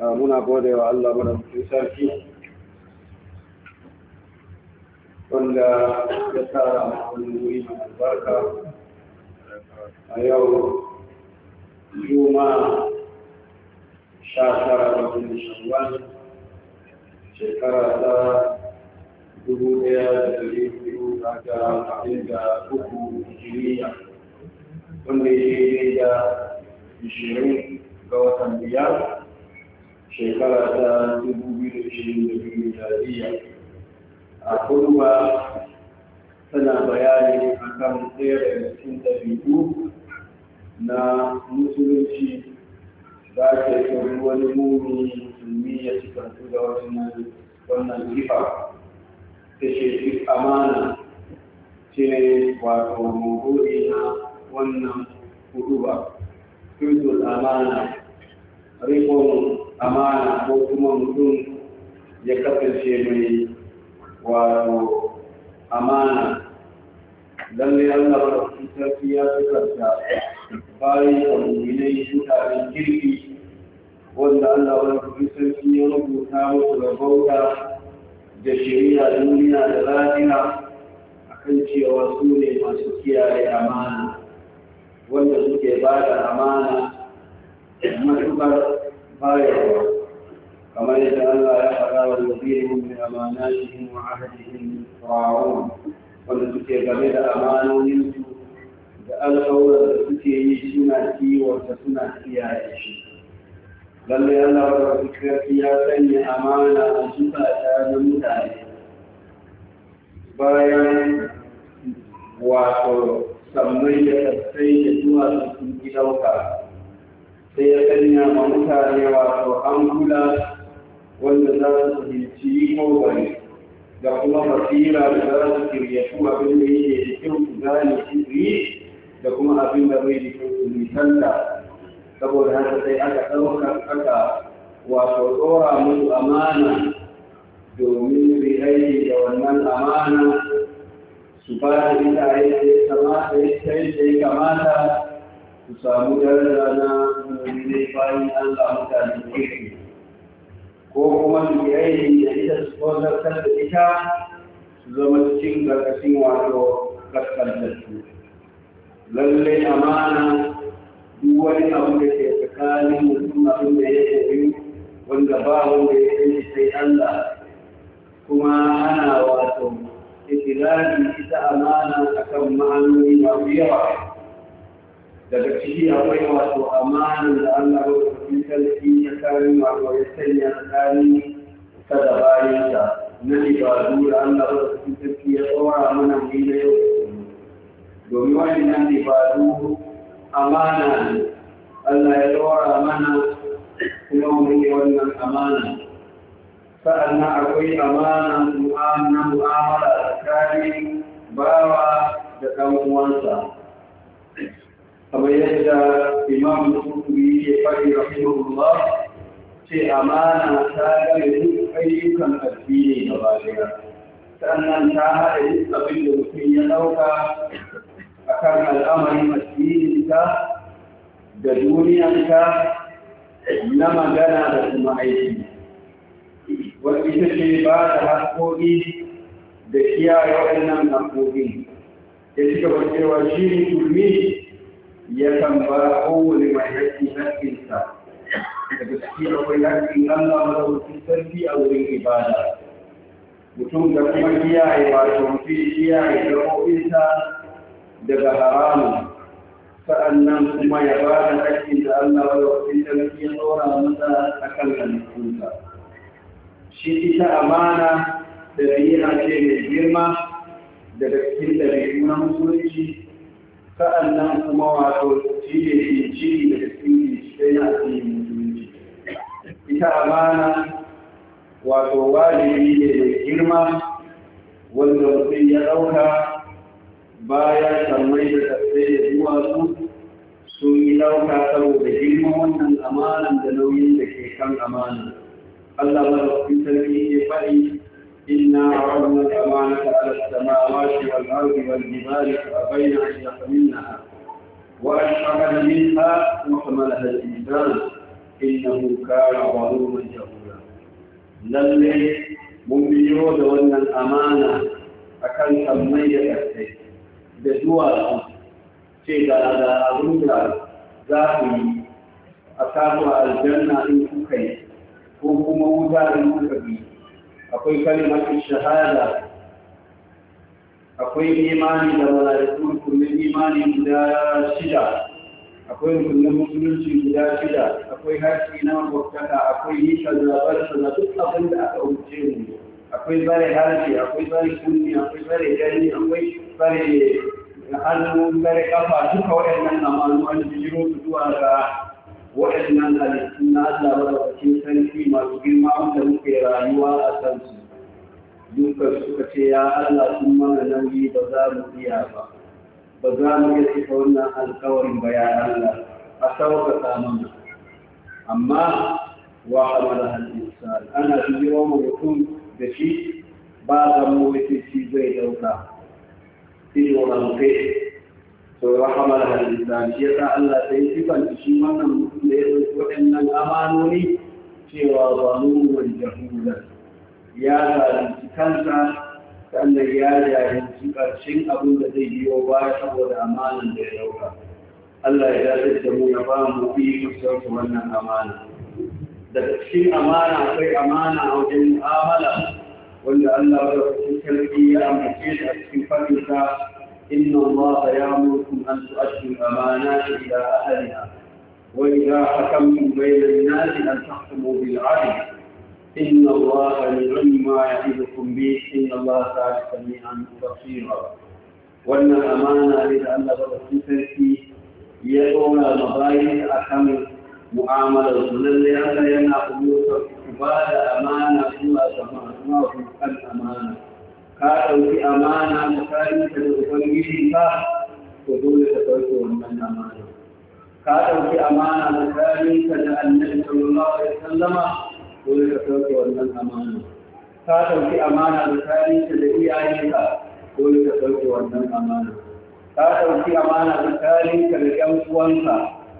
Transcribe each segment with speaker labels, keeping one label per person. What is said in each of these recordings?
Speaker 1: Ah, muna gode wa Allah madaukakin sarki wanda ya tara wani wuri mai albarka a yau juma'a sha tara da wani shawwal shekara ta dubu ɗaya da dari biyu a ga abin da uku jiriya wanda ya yi da ishirin ga watan biyar shekara ta dubu biyu da ishirin da biyu jariya a kurma tana bayani akan ɗaya daga cikin biyu na musulunci za ta yi wani mummi musulmi ya ci kantu da wannan wannan sifa ta ce duk amana ce wato mawuri na wannan huduba tutul amana rikon amana ko kuma mutum ya kasance mai wato amana lalle Allah ba da sarki ya fi karta bayan kamar yanayi mutanen kirki wanda Allah wani kuma sarki ya rubuta musu rabauta da duniya da a kan cewa su ne masu kiyaye amana wanda suke ba da amana matuƙar bayarwa كما يجعل الله يحرى والذين من أماناتهم وعهدهم راعون da غمد أمانهم لألقوا لتكي suna kiyaye shi. lalle Allah ba da kirki ya sanya amana a shisa ta na mutane bayan wato sammai da tattai da zuwa sun ki sai ya sanya ma mutane wato an kula wanda za su fahimci ko bane da kuma basira da za su kiryatu abin da yake da kyau su gane shi da kuma abin da bai da kyau su nisanta saboda haka sai aka ɗauka aka wato ɗora musu amana domin su aiki da wannan amana su ba da ita aiki ya kamata ita ya kamata su samu daraja na mummunai bayan Allah mutane kirki ko kuma su yi aiki da ita su kozartar da ita su zama cikin ƙarƙashin wato kaskantattu lallai amana wani abu da ke tsakanin mutum abin da ya yi wanda ba wanda ya yi sai Allah kuma ana wato ikirari ita amana akan ma'anoni masu yawa daga ciki akwai wato amana da Allah ya rubuta sarki ya kare wato ya sanya tsakani ta da bayansa na ibadu da Allah ya rubuta sarki ya tsora mana mu na yau domin wannan ibadu amana Allah ya dora mana kuma mun wannan amana sa'annan akwai amana na mu'amala tsakanin bawa da ɗan uwansa kamar yadda imam tukuri ya fari rahimahullah ce amana ta gane duk ayyukan addini gaba daya sannan ta haɗa duk abin da mutum ya ɗauka akan al’amari addininka da duniyanka na magana da kuma aiki Wani ita ce ba da haƙoƙi da kiyaye waɗannan haƙoƙi ya ci gaba cewa shi turmi ya kan ba kowane mai haƙƙi haƙƙinsa daga ciki akwai haƙƙin Allah wasu sarki a wurin ibada mutum da kuma kiyaye wato mutum kiyaye gaɓoɓinsa daga haramun nan kuma ya ba da haƙƙin da Allah ya wasu sarki ya tsoron masa a kan halittunsa. Shi ita amana da biya ce mai girma daga cikin ɗabi'u na musulunci nan kuma wato shi ne jinjiri daga cikin ginshiƙai na yi musulunci. Ita amana wato wajibi ne mai girma wanda mutum ya ɗauka bayan samai da tafiye da duwatsu sun yi lauka saboda girman wannan amanan da nauyin da ke kan amana. Allah ba da kuɗin sarki ke faɗi inna a wannan amana ta alasta ma a washe wal arzi wal jibali a bayyana a shafa minna a wa a shafa da minna kuma kuma da halin zan inna mun a wani wani Lalle mun biyo da wannan amana akan kan sammai da tafiye. da duwatsu ce da da abin da za ku yi a a aljanna in kuka yi ko kuma wuta in kuka bi akwai kalmar shahada akwai imani da mala'ikun kullum imani guda shida akwai rukunin musulunci guda shida akwai haƙƙi na makwabtaka akwai yi kazabar sana duk abin da aka umarce mu akwai zare harshe akwai zare kunni akwai zare gani akwai tsare hannu tsare kafa duka waɗannan amalu an jiro su zuwa ga waɗannan halittun na Allah madaukakin sarki masu girma wanda muke rayuwa a kansu duka suka ce ya Allah sun mana nauyi ba za mu iya ba ba za mu iya cika wannan alkawarin ba ya Allah a sauƙaƙa mana amma wa amala al-insan ana jiro mutum da shi ba zan mu cikin zai dauka fi ramfe to rahamar halitta shi ya sa Allah ta yi sifanta shi wannan mutum da ya ɗauki waɗannan amanoni cewa zalumin jahulan ya zalunci kansa sannan ya jahilci ƙarshen abin da zai biyo baya saboda amanan da ya ɗauka Allah ya dace da mu ya ba mu iko sauke wannan amana daga cikin amana akwai amana wajen mu'amala wanda Allah ya rubuta sarki ya amince shi a cikin fadinsa inna Allah ya murkum an tu'addu amanati ila ahliha wa idha hakamtum bayna an-nasi an tahkumu bil 'adl إن الله لعلم ما يعظكم به إن ya تعالى سميعا بصيرا وأن الأمانة لأن برسولتي يدعون المبايع أكم معاملة لأن ينا ba da amana كلها تمام asma'u al ka ɗauki amana tsakanin ka da ubangiji ka ko dole ta ɗauki wannan amana ka ɗauki amana tsakanin ka da annabi sallallahu alaihi wasallama dole ta ɗauki wannan amana ka ɗauki amana tsakanin ka da iyayenka dole ta ɗauki wannan amana ka ɗauki amana tsakanin ka da ƴan uwanka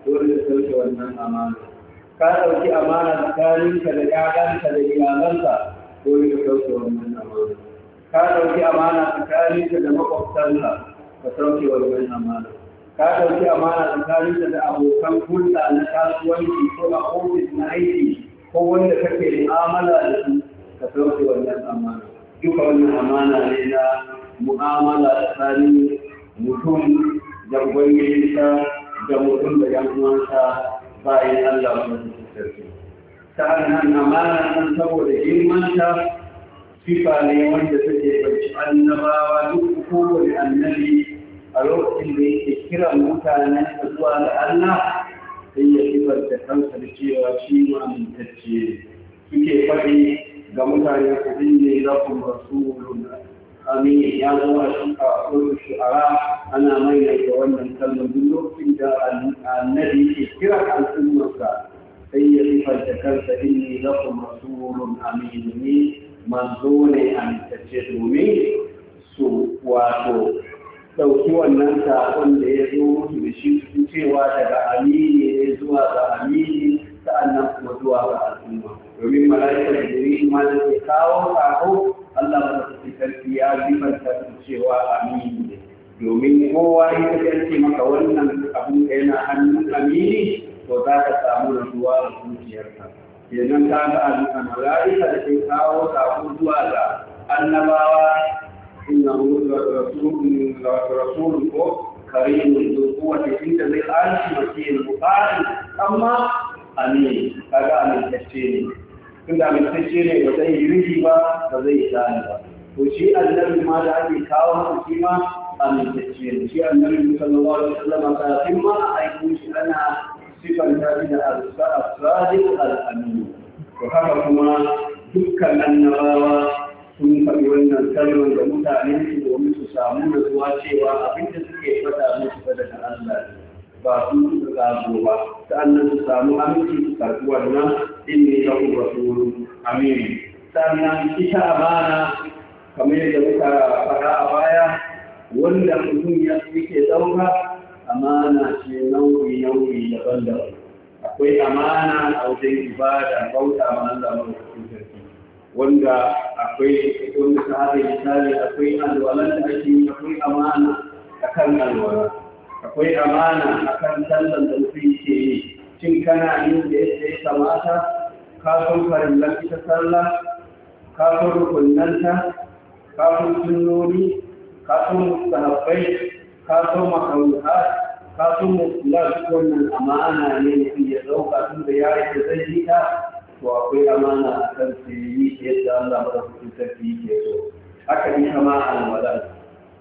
Speaker 1: dole ta ɗauki wannan amana ka ɗauki amana tsakaninka da ƴaƴanka da iyalanka domin da sauke wannan amana ka dauki amana tsakaninka da makwabtanka ka sauke wannan amana ka ɗauki amana tsakaninka da abokan hulɗa na kasuwanci ko a ofis na aiki ko wanda kake mu'amala da su ka sauke wannan amana duka wannan amana ne na mu'amala tsakanin mutum da ubangijinsa da mutum da yan uwansa bayan Allah wani sarki ta hannun amana nan saboda girmanta sifa ne wanda suke ɗauki annabawa duk kowane annabi a lokacin da yake mutane mutanen zuwa da Allah sai ya sifanta kansa da cewa shi ma amintacce suke faɗi ga mutane ku ne lakum rasulun amin ya zo a shuka kullu shu'ara ana maimaita wannan kalmar duk lokacin da annabi ke kiran al'ummarsa sai ya da kansa inni lakum rasulun amin ni manzo ne amintacce domin su wato ɗauki wannan saƙon da ya zo musu da shi su cewa daga amini ne zuwa ga amini sa'annan kuma zuwa ga al'umma domin mala'ikar jiri ma da ke kawo kawo Allah ba su sarki ya zifanta su cewa amini ne domin kowa ya kasance maka wannan abin da yana hannun amini to za ka samu rasuwa da zuciyarka kenan ta ga alukan mala'ika da ke kawo sako zuwa ga annabawa inna rasulun rasulun ko karimun zuwa da inda zai arshi makiyin bukari amma amin kaga amintacce ne tunda amintacce ne ba zai yi rigi ba ba zai tsani ba to shi annabi ma da ake kawo masa shi ma amintacce ne shi annabi sallallahu alaihi wasallam kafin ma a aiko shi ana sifan ta da al-sadiq al-amin to haka kuma dukkan annabawa sun faɗi wannan kalmar da mutanen su domin su samu da zuwa cewa abin da suke faɗa musu fa daga Allah ba su suka gado ba sannan su samu aminci su karɓi wannan inni lahu rasulun amin sannan ita amana kamar yadda muka faɗa a baya wanda mutum ya yake ɗauka amana ce nau'i nau'i daban-daban akwai amana a wajen ibada bauta ma Allah cikin sarki wanda akwai wanda ta hada misali akwai alwalan da ake yi akwai amana akan alwala akwai amana akan sallan da mutum yake yi shin kana yin da ya kamata ka san farillan ita sallah ka san rukunnanta ka san sunnoni ka san mustahabbai ka so makaruhat ka so wannan amana ne mutum ya ɗauka tun da ya yi zai yi ta to akwai amana a kan yi yadda Allah ba su fi tafi ke so haka ni kama almadan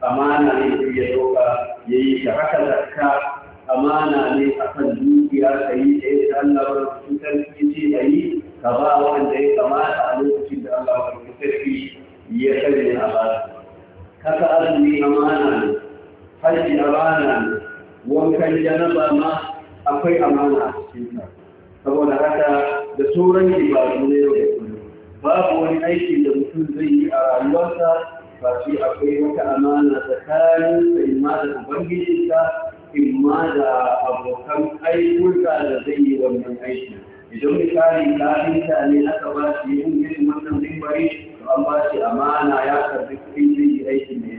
Speaker 1: amana ne mutum ya ɗauka ya yi ta haka zakka amana ne a kan dukiya ka yi ta yadda Allah ba su fi tafi ce ka yi ka ba wanda ya kamata a lokacin da Allah ba su fi tafi ya sanya a ba ka ka azumi amana ne haji na bana wankan janaba ma akwai amana a cikin saboda haka da sauran ibadu ne yau da kullum babu wani aiki da mutum zai yi a rayuwarsa ba shi akwai wata amana tsakanin da ma da ubangijinsa in da abokan aikunsa da zai yi wannan aiki idan misali kafinta ne aka ba shi yin irin wannan zimbari to an ba shi amana ya karbi kuɗin zai yi aikin ne.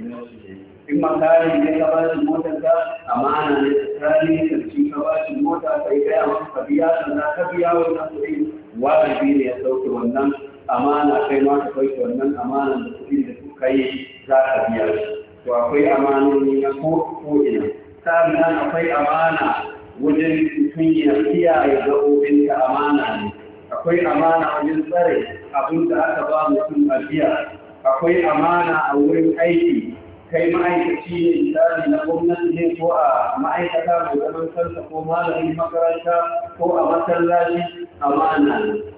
Speaker 1: in makari ne ka ba shi motar ka amana ne tsakani da shi ka ba shi mota ka yi gaya masa ka biya sannan ka biya wannan kuɗi wajibi ne ya sauke wannan amana kai ma ka sauke wannan amana da kuɗi da kuka yi za ka biya shi to akwai amanoni na ko ko ina sannan akwai amana wajen mutum ya kiyaye gaɓoɓin ka amana ne akwai amana wajen tsare abin da aka ba mutum a biya akwai amana a wurin aiki kai ma'aikaci ne misali na gwamnati ne ko a ma'aikata mai zaman kansa ko malamin makaranta ko a masallaci amana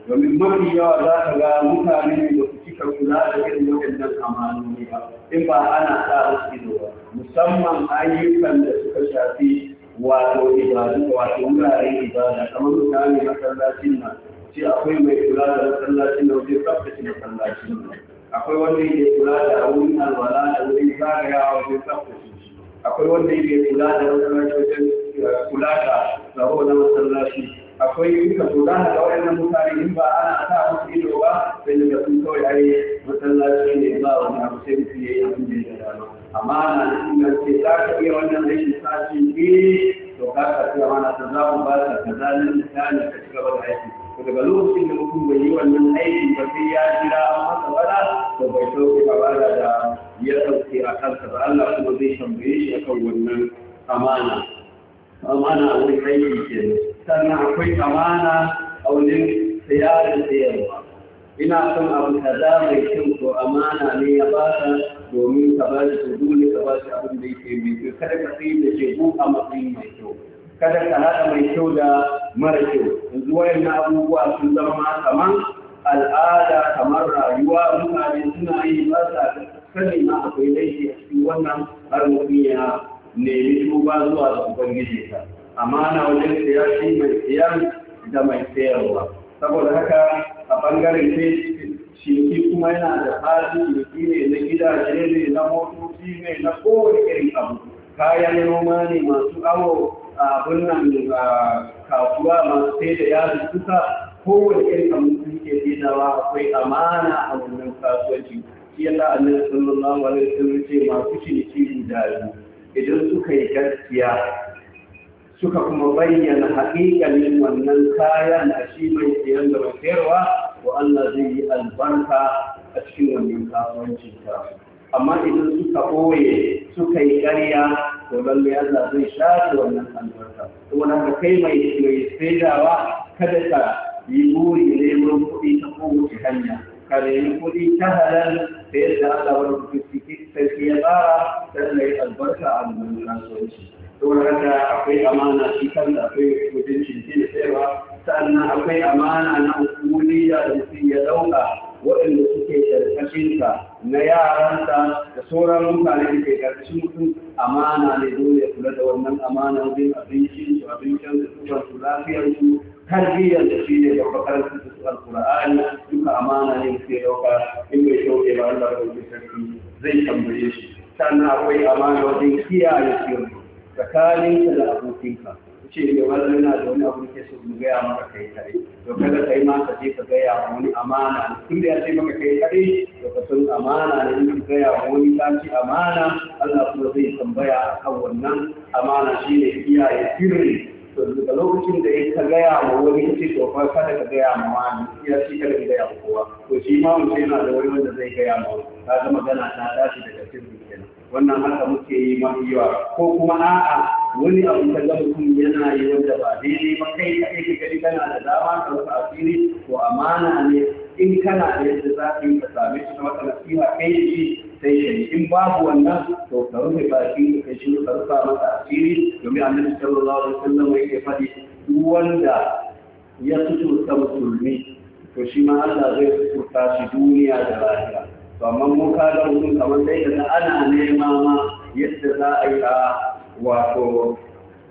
Speaker 1: domin mafi yawa za ka ga mutane ne da su cika kula da irin waɗannan amanoni ba in ba ana sa ido ba musamman ayyukan da suka shafi wato ibadu wato wuraren ibada kamar mutane masallacin nan ce akwai mai kula da masallacin nan zai tsaftace masallacin nan akwai wanda yake kula da wurin alwala da wurin zagaya wajen tsaftace akwai wanda yake kula da wajen eh, kula da tsaro na masallaci akwai duka to za ka ga waɗannan mutane in ba ana sa musu ido ba sai da sun kawai ai masallaci ne ba wani abu sai mutum ya yi abin da ya dama amana inda ce za ka iya wannan rashin sashi ne to ka karfi amana ta za mu ba ka ka zalin misali ka ci gaba da aiki to daga lokacin da mutum bai yi wannan ba sai ya jira an masa bala to bai sauke amana da ya sauke a kansa ba Allah kuma zai tambaye shi akan wannan amana amana a wurin aiki ke sannan akwai amana a wurin sayar da sayarwa ina son abu kaza mai kyau ko amana ne ya baka domin ka ba shi dole ka ba shi abin da yake mai kyau kada ka sai da shegu a matsayin mai kyau kada ka haɗa mai kyau da mara kyau yanzu na abubuwa sun zama kamar al'ada kamar rayuwa mutane suna yi ba sa sani ma akwai laifi a cikin wannan har mutum ya nemi tuba zuwa ga ubangiji ta amana wajen siya mai siyan da mai sayarwa saboda haka a bangaren ne kuma yana da tsari ciniki ne na gidaje ne na motoci ne na kowane irin abu kayan noma ne masu awo abin nan kasuwa masu sai da yadda kusa, kowane irin abu sun ke dawa akwai amana a wannan kasuwanci shi yasa annabi sallallahu alaihi wasallam ce masu ciniki guda biyu idan suka yi gaskiya suka kuma bayyana haƙiƙanin wannan kayan a shi mai siyan da mai sayarwa to Allah zai yi albarka a cikin wannan kasuwancin ta amma idan suka ɓoye suka yi ƙarya to lallai Allah zai shafe wannan albarka kuma haka kai mai mai saidawa kada ka yi buri neman kuɗi ta kowace hanya ka nemi kuɗi ta halal da yadda Allah wani kuɗi sarki ya tsara lallai albarka a wannan kasuwanci don haka akwai amana shi kan kanta akwai mutuncin shi da tsayawa sannan akwai amana na hukumiya da mutum ya dauka waɗanda suke karkashinsa na yaransa da sauran mutane da ke karkashin mutum amana ne dole ya kula da wannan amana wajen abincin su abincin su tuban su lafiyar su tarbiyyar da shi ne babbar karanta su alkur'ani duka amana ne su ya dauka in bai shauke ba Allah ya sarki zai tambaye shi sannan akwai amana wajen kiyaye sirri tsakanin da abokinka ce ne wannan yana da wani abu ke so mu gaya maka kai tare to kada kai ma ka je ka gaya wa wani amana ne tun da ya ce maka kai tare to ka san amana ne in ka gaya wa wani ka ce amana Allah kuma zai tambaya akan wannan amana shine iyaye sirri to daga lokacin da ya ka gaya wa wani ka ce to fa kada ka gaya ma wani ya ce kada ka gaya wa kowa to shi ma mutum yana da wani wanda zai gaya ma ka ga magana ta tashi daga sirri wannan haka muke yi mafi yawa ko kuma a'a wani abu ta ga mutum yana yi wanda ba daidai ba kai ka kai gari kana da dama ka a asiri ko amana ne in kana da yadda za ka yi ka same shi ta wata nasiha kai shi sai ya yi in babu wannan to ka rufe bakin ka kai shi ka rufa masa asiri domin annabi sallallahu alaihi wasallam yake faɗi duk wanda ya fito ta musulmi to shi ma Allah zai fito shi duniya da lahira kamar muka da mutum kamar sai da ana nema ma yadda za a yi a wato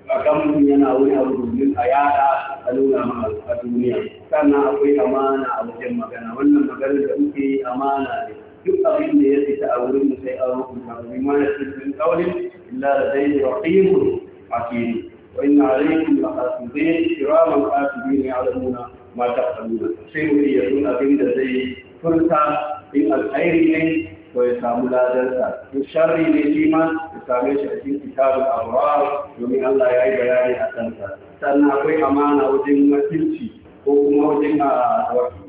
Speaker 1: a kamfin yana wani abu domin a yada a nuna a duniya sannan akwai amana a wajen magana wannan maganar da muke yi amana ne duk abin da ya fita a wurin mu sai an rubuta domin mana cikin kaurin illa da zai da rahimun hakimi wa inna alaikum la hasibin kiraman hasibin Mata a ta'maluna sai mu iya abin da zai furta in alkhairi ne ko ya samu ladarsa in sharri ne shi ma ya same shi a cikin kitabul abrar domin Allah ya yi bayani a kansa sannan akwai amana wajen wakilci ko kuma wajen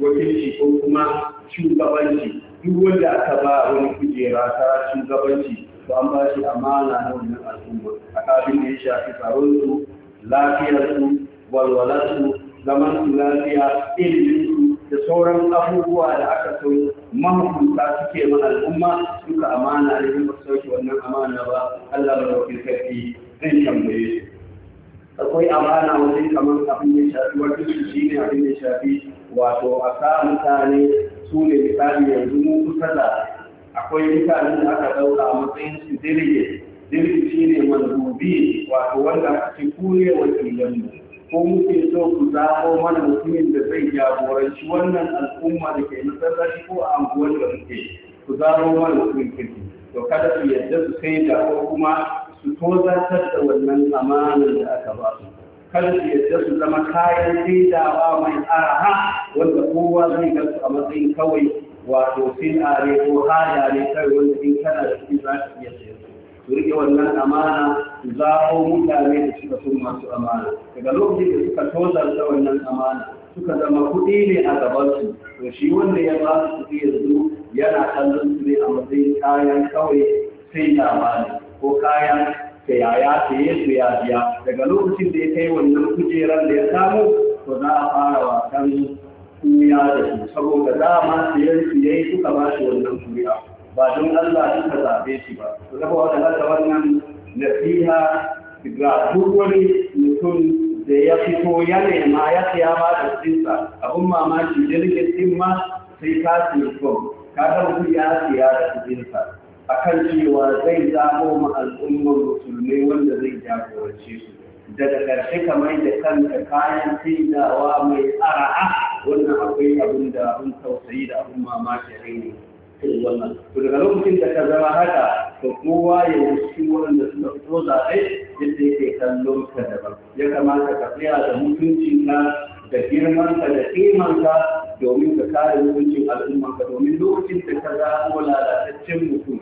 Speaker 1: wakilci ko kuma shugabanci duk wanda aka ba wani kujera ta shugabanci to an ba shi amana na wannan al'umma a kafin da ya shafi tsaronsu lafiyarsu walwalarsu zaman su lafiya ilimin su da sauran abubuwa da aka so mahukunta suke ma al'umma suka amana da yin basu sauke wannan amana ba Allah ba dauki sarki zai tambaye su akwai amana wajen kamar abin da shafi wato su shi ne abin da shafi wato a sa mutane su ne misali yanzu mu kusa da akwai mutane da aka ɗauka a matsayin su dirge dirge shi ne mandubi wato wanda ake kure wakilan mu ko muke so ku zaɓo mana mutumin da zai jagoranci wannan al'umma da ke masallaci ko a anguwar da muke ku zaɓo mana mutumin kirki to kada su yadda su sai da ko kuma su tozartar da wannan amanar da aka ba su kada su yadda su zama kayan saidawa mai araha wanda kowa zai ga su a matsayin kawai wato sin are ko haya ne kai wanda in kana da shi za ka iya sayar ku rike wannan amana ku zaɓo mutane da suka sun masu amana daga lokacin da suka da wannan amana suka zama kuɗi ne a gabansu to shi wanda ya ba su kuɗi yanzu yana kallon su ne a matsayin kayan kawai sai amana ko kayan ta yi su ya biya daga lokacin da ya kai wannan kujerar da ya samu to za a fara wasan kuya da su saboda dama siyan su yayi suka ba shi wannan kuri'a ba don Allah suka zaɓe shi ba to zaba wadanda da wannan nasiha ga duk wani mutum da ya fito ya nema ya siya ba da cinsa abun mamaki jirgin din ma sai ka siya ka ga mutum ya siya da A akan cewa zai zamo ma al'ummar musulmai wanda zai jagorance su daga ƙarshe kamar da kanka kayan wa mai ara'a wannan akwai abin da abin tausayi da abin mamaki ne irin wannan daga lokacin da ka zama haka to kowa ya wuce waɗanda suka fito zaɓe yadda yake kallon ka daban ya kamata ka tsaya da na, da girmanka da ka, domin ka kare mutuncin ka, domin lokacin da ka zaɓo lalataccen mutum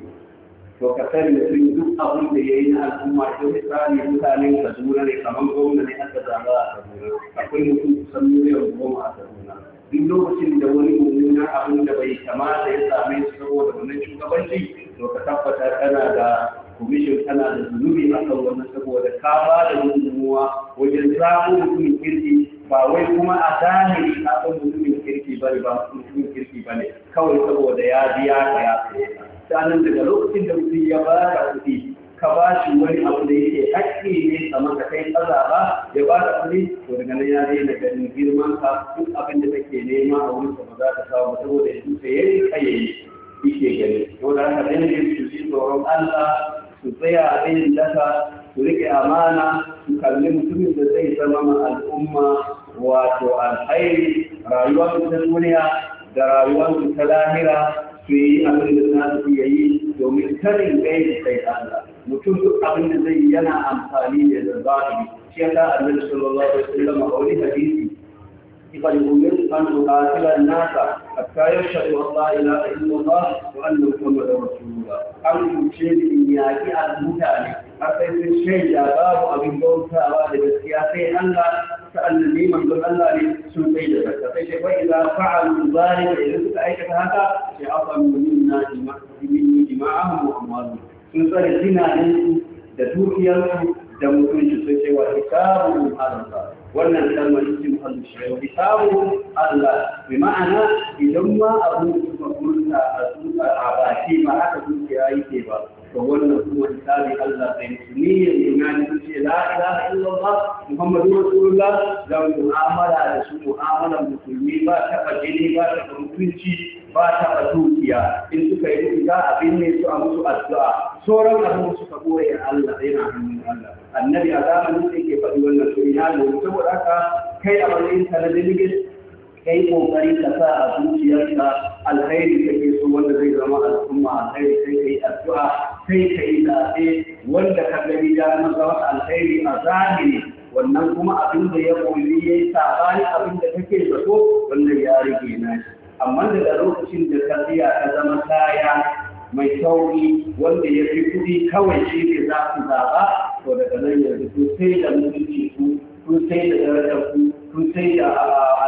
Speaker 1: to ka sani sun yi duk abin da ya yi na al'umma ko mutane mutanen kaduna ne kamar gwamna ne aka zaba a kaduna akwai mutum kusan miliyan goma a kaduna duk lokacin da wani mummuna abin da bai kamata ya same su saboda wannan shugabanci to ka tabbata kana da komishin kana da zunubi a kan wannan saboda ka ba da gudunmuwa wajen samun mutumin kirki ba wai kuma a zahiri ka san mutumin kirki ba ne ba mutumin kirki ba ne kawai saboda ya biya ka ya saye ka sanan daga lokacin da mutum ya ba da kuɗi ka ba shi wani abu da yake haƙƙi ne a maka kai tsara ba ya ba da kuɗi to daga nan ya daina ganin girman ka duk abin da kake nema a wurin ba za ka samu saboda shi ta ya yi kayayi yake gani to da haka dai ne su ji tsoron Allah su tsaya a ɗayan dafa, su riƙe amana su kalli mutumin da zai zama ma al'umma wato alhairi rayuwar ta duniya da rayuwar ta lahira su yi abin da za su yi domin karin gaida sai Allah mutum duk abin da zai yana amfani da zazzabari shi ya sa annabi sallallahu alaihi wasallam a wani hadisi ifan umirtu an uqatila an-nasa hatta yashhadu an la ilaha illallah wa anna muhammadar rasulullah an kuce ni yaki al-mutane har sai sun shaida babu abin bautawa da gaskiya sai Allah sa'annan manzon Allah ne sun kai da zakka sai sai wai idza fa'alu zalika idan suka aikata haka sai afan minna jima'a jima'ahum wa amwaluhum sun tsare dinanin da dukiyarsu da mutunci sun cewa wa hisabu Allah wannan kalmar cikin Allah shi wa hisabu Allah bi ma'ana idan ma abu da kuma a a baki ba haka dukiya yake ba to wannan kuma misali Allah zai musu niyyar ya su ce la ilaha illallah muhammadu rasulullah da mu'amala da su mu'amalan musulmi ba taba jini ba taba mutunci ba taba dukiya in suka yi duka za a binne su a musu addu'a sauran abin suka goye Allah yana hannun Allah annabi a zamanin sai ke faɗi wannan to ina da saboda haka kai a matsayin ka na delegate kai kokari ka sa a zuciyarka alkhairi kake so wanda zai zama al'umma alkhairi kai addu'a kai ka yi zaɓe wanda ka gani ya maza wata alkhairi a zahiri wannan kuma abin da ya koyi ya yi abin da kake zato wannan ya rage na shi amma daga lokacin da ka tsaya ka zama kaya mai sauri wanda ya fi kuɗi kawai shi ne za ku zaɓa to daga nan yanzu kun sai da mutunci ku kun sai da darajar ku kun sai a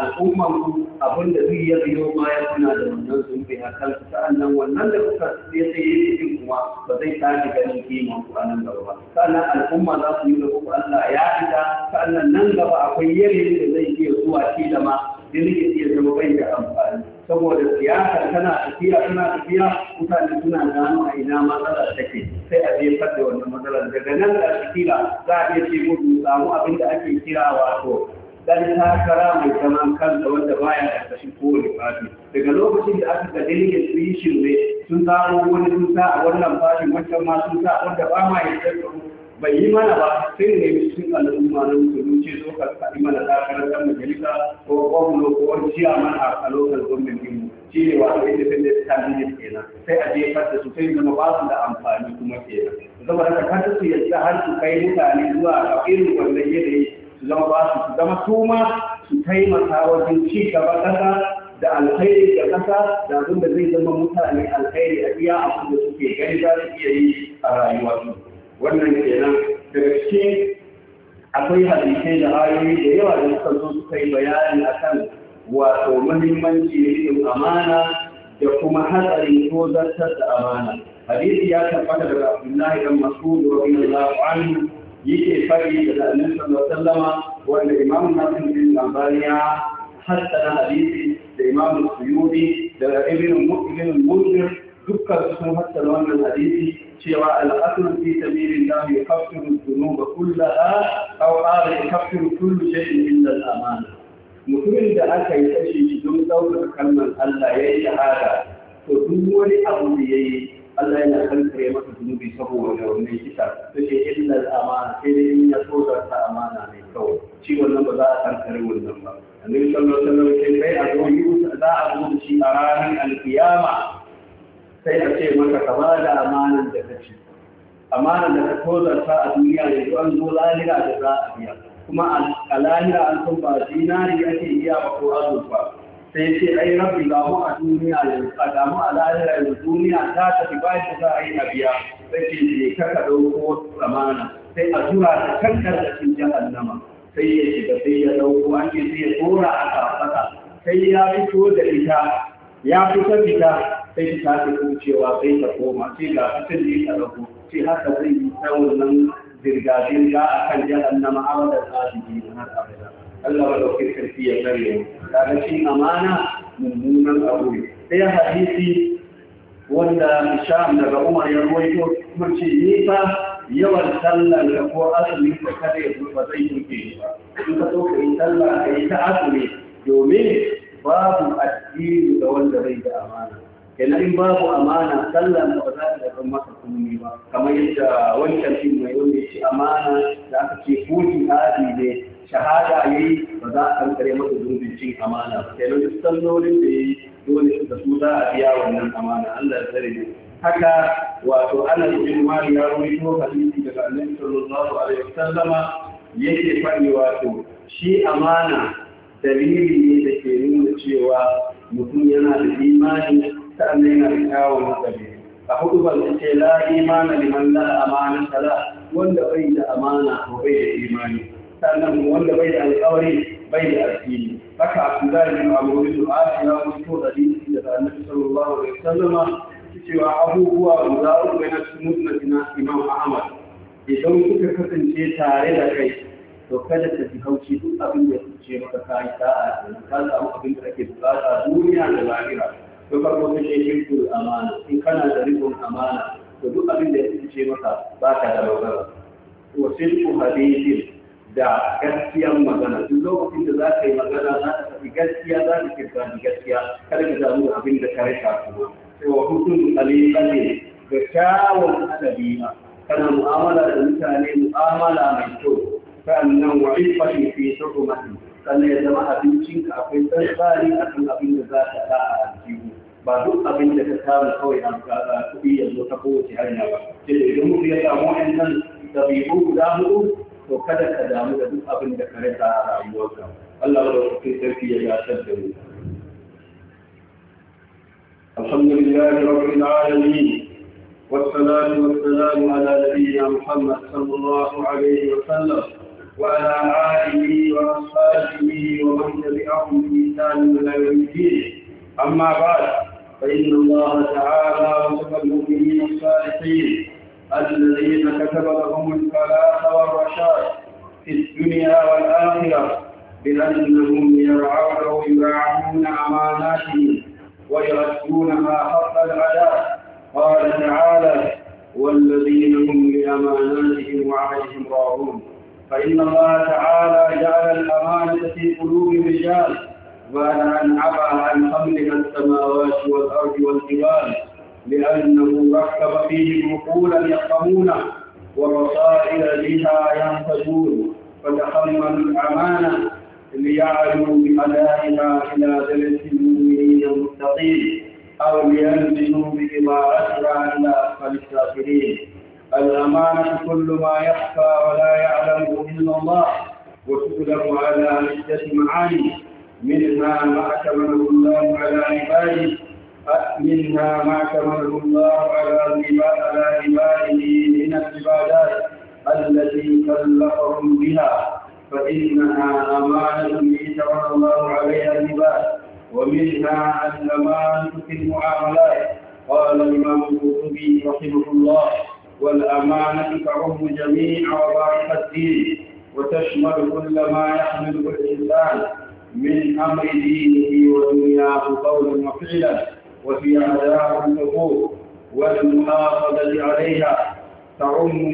Speaker 1: al'ummar ku abin da zai ya biyo bayan kuna da wannan zumbi a kan su sa'annan wannan da kuka sai sai ya ce kuma ba zai tashi ganin kima ku a nan gaba sa'annan al'umma za su yi da kuma Allah ya fita sa'annan nan gaba akwai yanayin da zai iya zuwa shi da ma jini iya zama bai da amfani saboda siyasa tana tafiya tana tafiya mutane suna gano a ina matsalar take sai a jefar da wannan matsalar daga nan da kira za a iya ce mu samu abin da ake kira wato dan takara mai zaman kansa wanda baya ko kowane fati daga lokacin da aka ga dalilin su yi shirme sun samu wani sun sa a wannan fashin wancan ma sun sa wanda ba ma yi ba. bai yi mana ba sai ne mu cikin al'umma na musulun ce zo ka sami mana takarar dan majalisa ko gwamna ko wani ciyaman a lokacin gwamnan mu shi ne wato independent candidate kenan sai a je da su sai zama ba su da amfani kuma kenan saboda haka kada su yadda har su kai mutane zuwa a irin wannan yanayi su zama ba su zama su ma su taimaka wajen ci gaba ƙasa da alkhairi ga ƙasa da abin da zai zama mutane alkhairi a iya abin da suke gani za su iya yi a rayuwarsu wannan kenan daga cikin akwai hadisai da ayoyi da yawa da suka zo suka yi bayani akan wato muhimmanci rikin amana da kuma hatsarin ko zartar da amana hadisi ya tabbata daga abdullahi dan mas'ud radiyallahu anhu yake fari da annabi sallallahu sallama wanda imam nasim bin lambani ya hassana hadisi da Imamin suyudi da ibn mu'min munzir dukkan sun hassana wannan hadisi cewa al-aslu fi sabilillah yukaffiru dhunuba kullaha aw ara yukaffiru kullu shay'in illa al-amana mutumin da aka yi tashi don daukar kalmar Allah ya yi shahada to duk wani abu da yayi Allah yana kare maka zunubi saboda wannan kisa to ce illal amana sai dai in ya tsoda ta amana mai kawai shi wannan ba za a kare wannan ba annabi sallallahu alaihi wasallam sai a zo yi za a zo shi a ranar al-Qiyama sai a ce maka ka da amanan da ka ci amanan da ka tsoda ta a duniya ne don zo lahira da za a biya kuma a lahira an san ba dinari ake iya ba ko azurfa sai ce ai rabbi ga mu a duniya yanzu a damu a lahira yanzu duniya ta tafi ba shi za a yi a biya sai ce ne ka ka ɗauko zamana sai a tura ta kankar da cikin jahannama sai ya shiga sai ya ɗauko an ce sai ya tsora a kafasa sai ya fito da ita ya fita fita sai ta tafi kucewa sai ta koma sai ga fitin ne ta ɗauko sai haka zai yi ta wannan zirga-zirga a kan jahannama a wadda ta shi har abada Allah wa ɗauki sarki ya karye mu. kaga cin amana mummunan abu ne sai hadisi wanda Hisham daga Umar ya ruwaito kuma ce ni fa yawan sallar da ko azumi ka kare ba zai yi ba in ka so ka yi sallah ka yi ta azumi domin babu addini da wanda bai da amana kenan in babu amana sallah ba za ta da masa komai ba kamar yadda wancan fim mai wanda ya ce amana da aka ce fuji hadi ne shahada ya yi ba za a kankare masa zunubin cin amana ba sai nan sallolin da ya yi dole da su za a biya wannan amana Allah ya tsare ne haka wato ana yin mari ya ruwi ko hadisi daga annabi sallallahu alaihi wasallama yake faɗi wato shi amana dalili ne da ke nuna cewa mutum yana da imani sannan yana da kyawun hankali a hudu ban ce la imana liman la amana sala wanda bai da amana ko bai da imani sannan wanda bai da alƙawari bai da addini haka abdullahi bin abu a al ya fito da hadisi daga annabi sallallahu alaihi wasallam cewa abubuwa guda uku na cikin musnadin imam ahmad idan kuka kasance tare da kai to kada ka ji haushi duk abin da ya kuce maka ka yi sa'a ka samu abin da ake bukata duniya da lahira to farko ta ce shirkul amana in kana da rikon amana to duk abin da ya kuce maka ba ka da magana wa shirku hadisin da gaskiyan magana duk lokacin da za ka yi magana za ka tafi gaskiya za ka kirka gaskiya kada ka damu abin da ka rika kuma sai wa hutun alƙalin da kyawun adabi kana mu'amala da mutane mu'amala mai kyau sannan wa ifashi fi tuhumati sannan ya zama ka akwai tsari a kan abin da za ka ta'a a aljihu ba duk abin da ka samu kawai an kuɗi yanzu ta kowace hanya ba sai da idan mutum ya samu wa'annan dabi'u guda huɗu to kada ka damu da duk abin da ka rasa a rayuwarka Allah ya rufe sarki ya gasar da mu alhamdulillah rabbil alamin والصلاة والسلام على نبينا محمد صلى الله عليه وسلم وعلى آله وأصحابه ومن تبعهم بإحسان إلى يوم الدين أما بعد فإن الله تعالى وصف المؤمنين الصالحين الذين كتب لهم الفلاح والرشاد في الدنيا والآخرة بأنهم يرعون ويراعون أماناتهم ويؤدونها حق الأداء قال تعالى والذين هم لأماناتهم وعليهم راعون فإن الله تعالى جعل الأمانة في قلوب الرجال بعد أن عبى عن حملها السماوات والأرض والجبال لأنه رحب فيهم عقولا يفهمونه ومصائر بها يهتدون فتحملوا الأمانة ليعلوا بأدائها إلى جلس المؤمنين المتقين أو لينزلوا بإمارتها إلى أسفل الكافرين الأمانة كل ما يخفى ولا يعلمه إلا الله وتقدم على عدة معاني منها ما أكمله الله على عباده منها ما كمله الله على على عباده من العبادات التي كلفهم بها فإنها أمانة يتولى الله عليها العباد ومنها الأمانة في المعاملات قال الإمام القرطبي رحمه الله والأمانة تعم جميع وظائف الدين وتشمل كل ما يحمله الإنسان من أمر دينه ودنياه قولا وفعلا وفي أداء الحقوق والمحافظة عليها تعم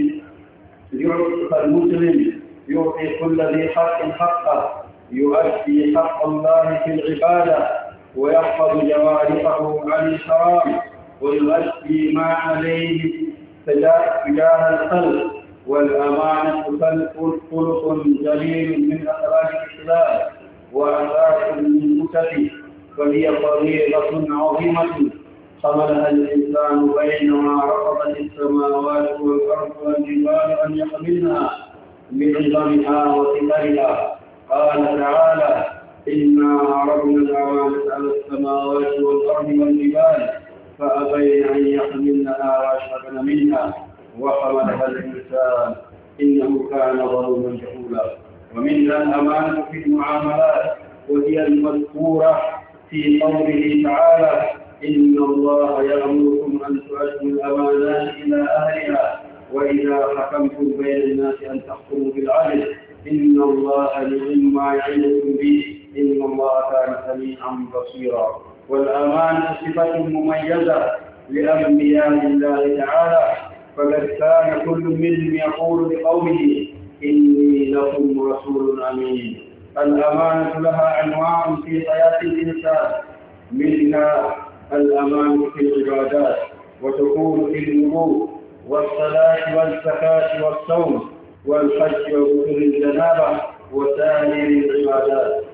Speaker 1: يعطي المسلم يعطي كل ذي حق حقه يؤدي حق الله في العبادة ويحفظ جوارحه عن الحرام ويؤدي ما عليه تجاه الخلق والأمانة خلق جليل من أخلاق الإسلام وأخلاق المتفق فهي طريقة عظيمة حملها الإنسان بينما رفضت السماوات والأرض والجبال أن يحملها من عظمها وثقلها قال تعالى إنا عرضنا الأمانة على السماوات والأرض والجبال فأبين أن يحملنها وأشفقن منها وحملها الإنسان إنه كان ظلوما جهولا ومنها الأمانة في المعاملات وهي المذكورة في قوله تعالى إن الله يأمركم أن تؤدوا الأمانات إلى أهلها وإذا حكمتم بين الناس أن تحكموا بالعدل إن الله يعلم ما يعلمكم به إن الله كان سميعا بصيرا والأمانة صفة مميزة لأنبياء الله تعالى فقد كان كل منهم يقول لقومه إني لكم رسول أمين الأمانة لها أنواع في حياة الإنسان منها الأمانة في العبادات وتكون في النمو والصلاة والزكاة والصوم والحج وغسل الجنابة وسائر العبادات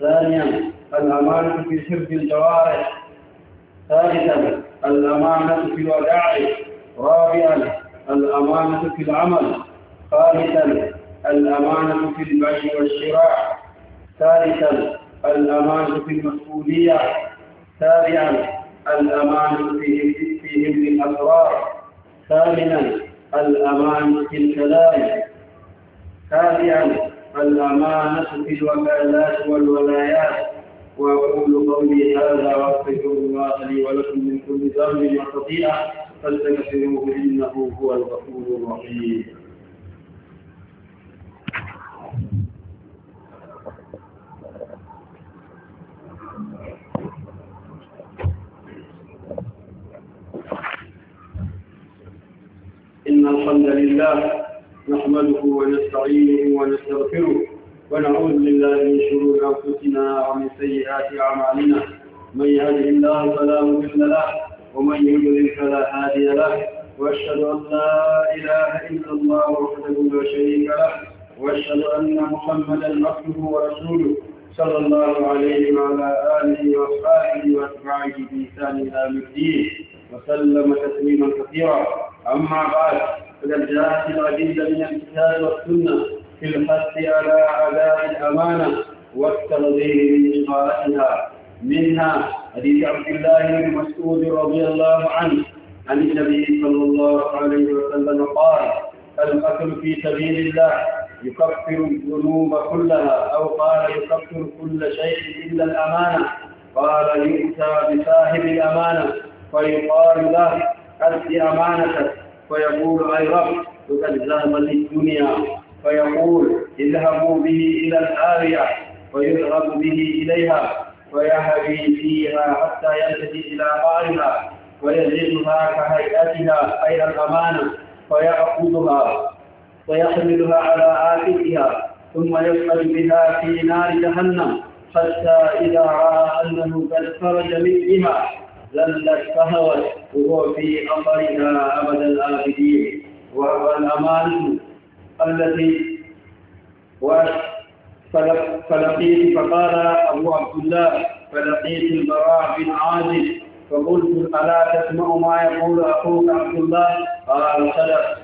Speaker 1: ثانيا الأمانة في حفظ الجوارح ثالثا الأمانة في الوداع رابعا الأمانة في العمل خامسا الأمانة في البيع والشراء ثالثا الأمانة في المسؤولية سابعا الأمانة في حفظ الأسرار ثامنا الأمانة في الكلام تابعا الأمانة في الوكالات والولايات وأقول قولي هذا وأستغفر الله لي ولكم من كل ذنب وخطيئة فاستغفروه إنه هو الغفور الرحيم إن الحمد لله نحمده ونستعينه ونستغفره ونعوذ بالله من شرور أنفسنا ومن سيئات أعمالنا من يهده الله فلا مضل له ومن يضلل فلا هادي له وأشهد أن لا إله إلا الله وحده لا شريك له وأشهد أن محمدا عبده ورسوله صلى الله عليه وعلى آله وأصحابه وأتباعه بإحسان إلى الدين وسلم تسليما كثيرا أما بعد فقد جاءت العديد من الكتاب والسنة في الحث على أداء الأمانة والترغيب من إقامتها منها حديث عبد الله بن مسعود رضي الله عنه عن النبي صلى الله عليه وسلم قال القتل في سبيل الله يكفر الذنوب كلها أو قال يكفر كل شيء إلا الأمانة قال يؤتى بصاحب الأمانة فيقال له أنت أمانتك فيقول أي رب لقد ظلمني الدنيا فيقول اذهبوا به إلى الآرية ويذهب به إليها ويهوي فيها حتى ينتهي إلى قارها ويزيدها كهيئتها أي الأمانة فيأخذها ويحملها على عاتقها ثم يفعل بها في نار جهنم حتى إذا رأى أنه قد خرج من بها لن تشتهوت وهو في أمرنا أبد الآبدين وهو الأمان التي فلقيت فقال أبو عبد الله فلقيت البراء بن عازب فقلت ألا تسمع ما يقول أخوك عبد الله قال صدق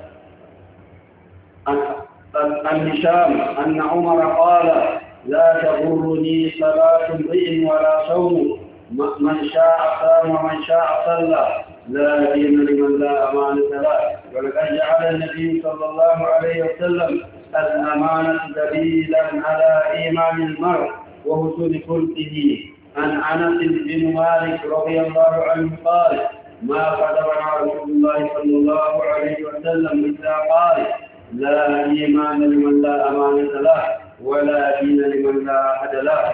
Speaker 1: عن هشام أن عمر قال لا تغرني صلاة امرئ ولا صوم من شاء صام ومن شاء صلى لا دين لمن لا أمانة له ولقد جعل النبي صلى الله عليه وسلم الأمانة دليلا على إيمان المرء وحسن خلقه عن أنس بن مالك رضي الله عنه قال ما قدرنا رسول الله صلى الله عليه وسلم إلا قال لا إيمان لمن لا أمانة له ولا دين لمن لا أحد له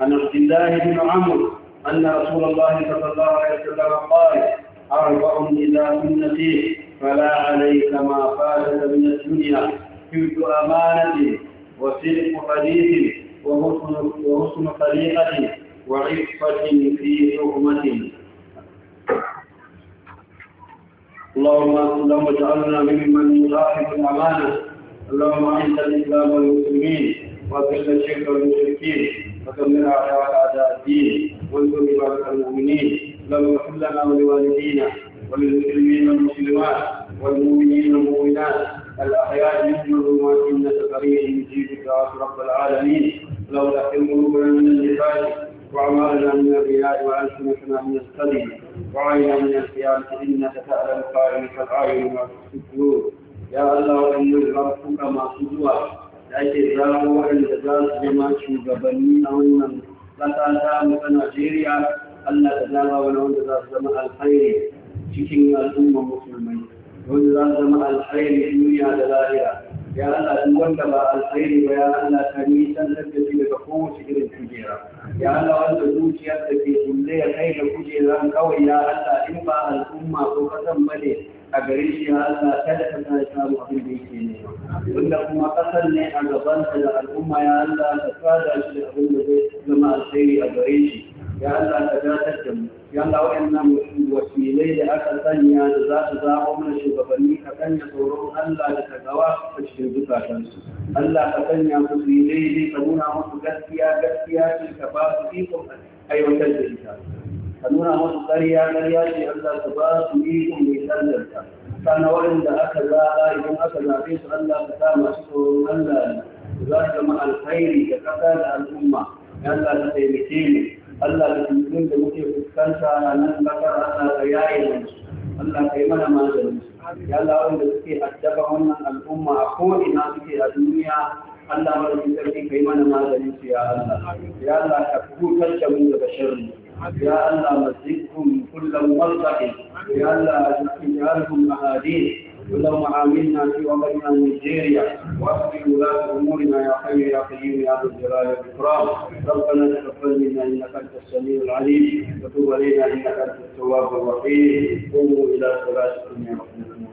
Speaker 1: عن عبد الله بن عمرو أن رسول الله صلى الله عليه وسلم قال أربع إذا كن فيه فلا عليك ما فاتك من الدنيا حفظ أمانة وصدق حديث وحسن وحسن طريقة وعفة في حكمة اللهم اللهم اجعلنا ممن يصاحب الأمانة اللهم أعز الإسلام والمسلمين وأذل الشرك والمشركين وكمل على أعداء الدين وانصر عبادك المؤمنين اللهم اغفر لنا ولوالدينا وللمسلمين والمسلمات والمؤمنين والمؤمنات الأحياء منهم والأموات إنك قريب مجيب دعاء رب العالمين لولا قلوبنا من النفاق وأعمالنا من الرياء وألسنتنا من السلم وعينا من القيامة إنك تعلم قائمة الأعين وفي الصدور يا الله إني ربك ما سجوا da ake zama waɗanda za su zama shugabanni a wannan ƙasa ta mu Najeriya Allah ta zama wani wanda za su zama alkhairi cikin al'ummar musulmai wanda za su zama alkhairi duniya da lahira ya Allah duk wanda ba alkhairi ba ya Allah ta nisantar daga kowace irin kujera ya Allah wanda zuciyar da ke kulle ya kai da kujera kawai ya Allah in ba al'umma ko kasan bane a gari shi ya Allah kada ka da samu abin da yake ne wanda kuma kasar ne a gaban da al'umma ya Allah ka sada shi da abin da zai zama alheri a gare shi ya Allah ka datar da mu ya Allah wa'annan da aka sanya da za su zaɓo mana shugabanni ka sanya tsoron Allah da gawa a cikin zukatansu Allah ka sanya musu yi daidai ka nuna musu gaskiya gaskiya ce ka ba su ikon aiwatar da ita ka nuna masu ƙarya ƙarya ce Allah ka ba su ikon mai tsallarta kana waɗanda aka zaɓa idan aka zaɓe su Allah ka sa masu tsoron Allah ne za su zama alkhairi da ƙasa da al'umma ya Allah ka taimake ni. Allah ka tuntunin da muke fuskanta a nan ƙasar Allah ka yaye mana Allah ka yi mana magani ya Allah waɗanda suke addaba wannan al'umma a ko'ina suke a duniya Allah mara sarki ka yi mana maganin su ya Allah ya Allah ka hutar da mu daga shirin. يا الله مزقهم كل مرزق يا الله اجعلهم مهادين اللهم عاملنا في من نيجيريا واصلح ولاة امورنا يا حي يا قيوم يا ذا الجلال والاكرام ربنا تقبل منا انك انت السميع العليم وتوب علينا انك انت التواب الرحيم قوموا الى صلاتكم يا رحمة الله